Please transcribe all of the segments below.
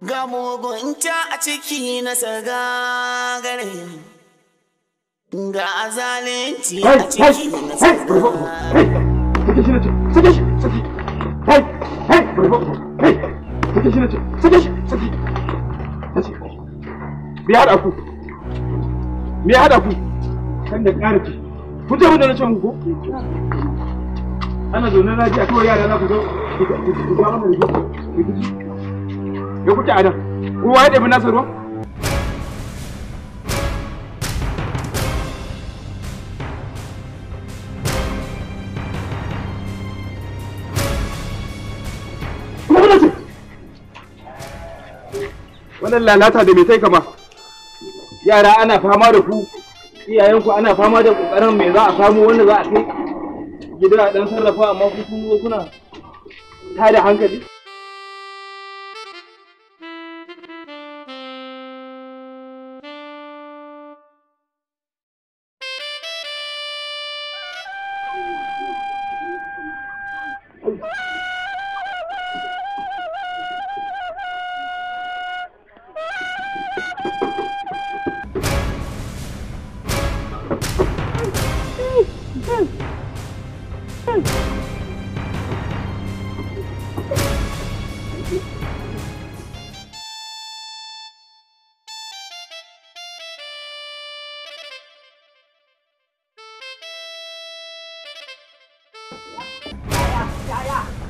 Ga mugunta a ciki na sagagare, ga azalinci a ciki na sagagare. Me kuke a nan? Ruwa ya ɗebi nasa ruwa? wannan lalata da mai tai kama yara ana fama da ku iyayenku ana fama da kokarin me za a samu wanda za a kai gida a dan sarrafa amma ku kun kuna tada hankali Yeah.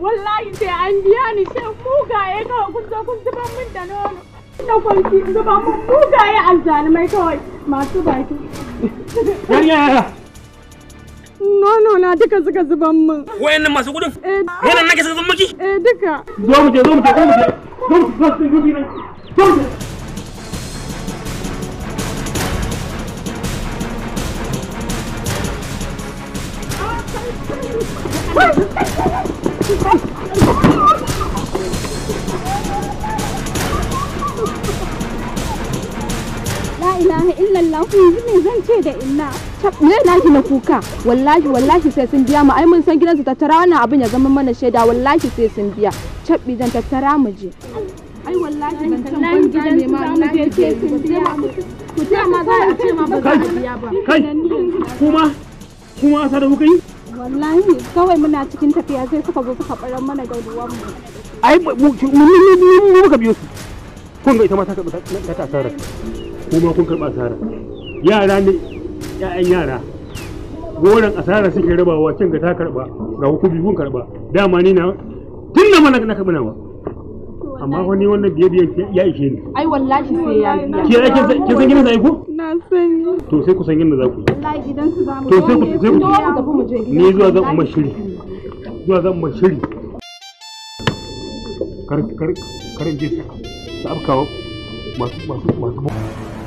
wallahi sai an biya ni shan mugaye kawai kun zo kun zuba min da nono da kwanci zuba min mugaye azzalumai kawai masu baki yariya Nono na duka suka zuban min. Wayannan masu gudun? Eh, Wannan nake suka zuban Eh duka. Zo mu je zo mu je zo mu je. Zo mu je zo mu je. Zo mu je. Woo! la ilaha illallah ku ce da me na kuka wallahi wallahi sai sun biya mu ai mun san gidansu tattara wannan abin ya zama mana shaida wallahi sai sun biya cabbi zan tattara mu je ai wallahi ban san ban gidan ne ma sun biya ku ma za a ce ma ba za a biya ba kai kuma kuma asa da kuka yi wallahi kawai muna cikin tafiya sai suka zo suka baran mana garuwan mu ai mun mun muka biyo su kun ga ita ma ta ta ta asara kuma kun karba asara yara ne ƴaƴan yara goran asara suke rabawa kin ga ta karba ga hukumi kun karba dama ni na tun da mana na karba nawa amma wani wannan biye biye ya ishe ni ai wallahi sai ya biya ke ke san gina zai na san to sai ku san gina za ku wallahi su to sai ku sai ku tafi mu je ni zuwa zan umma shiri zuwa zan umma shiri kar kar kar je sa abkawa masu masu masu